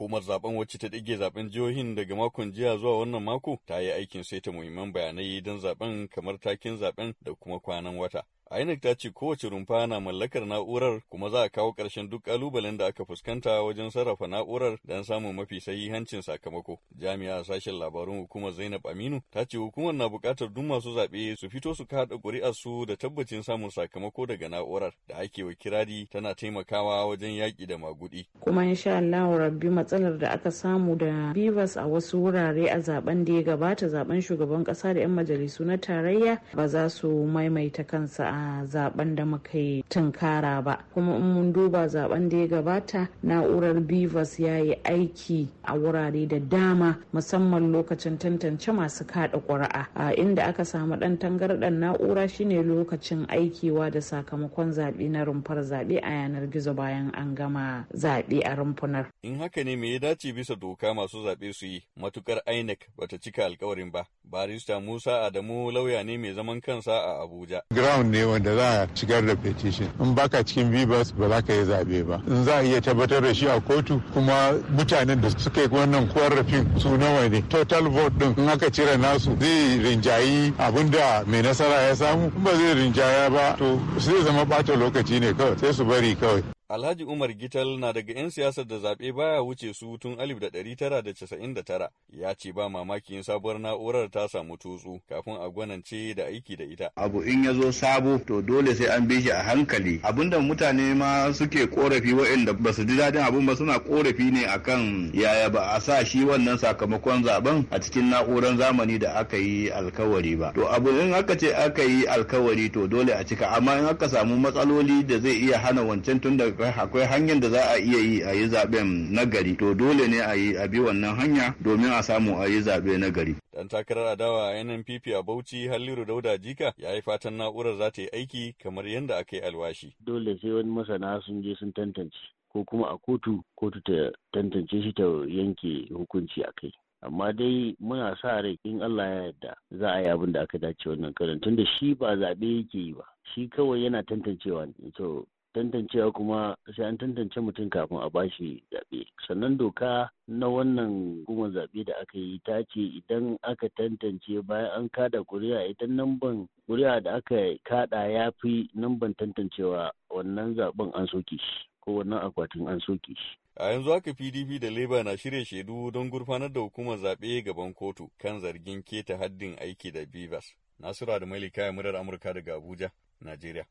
Hukumar zaben wacce ta ɗage zaben jihohin daga makon jiya zuwa wannan mako ta yi aikin saita muhimman bayanai don zaben kamar takin zaben da kuma kwanan wata. INEC ta ce kowace rumfa na mallakar na'urar kuma za a kawo ƙarshen duk ƙalubalen da aka fuskanta wajen sarrafa na'urar don samun mafi sahihancin sakamako. Jami'a sashen labarun hukumar Zainab Aminu ta ce hukumar na buƙatar duk masu zaɓe su fito su kaɗa ƙuri'ar su da tabbacin samun sakamako daga na'urar da ake wa kirari tana taimakawa wajen yaƙi da maguɗi. Kuma insha Allah rabbi matsalar da aka samu da bivas a wasu wurare a zaben da ya gabata zaben shugaban ƙasa da 'yan majalisu na tarayya ba za su maimaita kansa a zaben da muka yi tunkara ba kuma in mun duba zaben da ya gabata na'urar bivas ya yi aiki a wurare da dama musamman lokacin tantance masu kada ƙuri'a a inda aka samu ɗan tangarɗar na'ura shine lokacin aikiwa da sakamakon zaɓe na rumfar zaɓe a yanar gizo bayan an gama zaɓe a rumfunar in haka ne me ya dace bisa doka masu zaɓe su yi matukar inec bata cika alkawarin ba Barista Musa Adamu lauya ne mai zaman kansa a Abuja. Ground ne wanda za a shigar da petition. In baka cikin bibas ba za ka yi zabe ba. In za a iya tabbatar da shi a kotu kuma mutanen da suka yi wannan korafin su nawa ne. Total vote din in aka cire nasu zai rinjayi abin da mai nasara ya samu. In ba zai rinjaya ba to zai zama bata lokaci ne kawai sai su bari kawai. Alhaji Umar Gital na daga 'yan siyasar da zaɓe baya wuce su tun 1999 ya ce ba mamaki yin sabuwar na'urar ta samu tutsu kafin a gwanance da aiki da ita. Abu in ya zo sabo to dole sai an bi shi a hankali. Abinda mutane ma suke korafi waɗanda ba su ji dadin abin ba suna korafi ne akan yaya ba a sa shi wannan sakamakon zaben a cikin na'urar zamani da aka yi alkawari ba. To abu in aka ce aka yi alkawari to dole a cika amma in aka samu matsaloli da zai iya hana wancan tun daga akwai hanyar da za a iya yi a yi zaben na to dole ne a yi a bi wannan hanya domin a samu a yi zabe na gari dan takarar adawa a NNPP a Bauchi Halliru Dauda Jika ya yi fatan na'urar za ta yi aiki kamar yadda aka yi alwashi dole sai wani masana sun je sun tantance ko kuma a kotu kotu ta tantance shi ta yanke hukunci a kai amma dai muna sa rai in Allah ya yarda za a yi abin da aka dace wannan karin da shi ba zaɓe yake yi ba shi kawai yana tantancewa ne to tantancewa kuma sai an tantance mutum kafin a bashi zaɓe sannan doka na wannan hukumar zaɓe da aka yi ta ce idan aka tantance bayan an kada kuri'a idan namban ƙuri'a da aka kada ya fi namban tantancewa wannan zaɓen an soke shi ko wannan akwatin an soke shi a yanzu haka pdp da leba na shirya shaidu don gurfanar da hukumar zaɓe gaban kotu kan zargin keta haddin aiki da bivas nasiru da mailika murar amurka daga abuja najeriya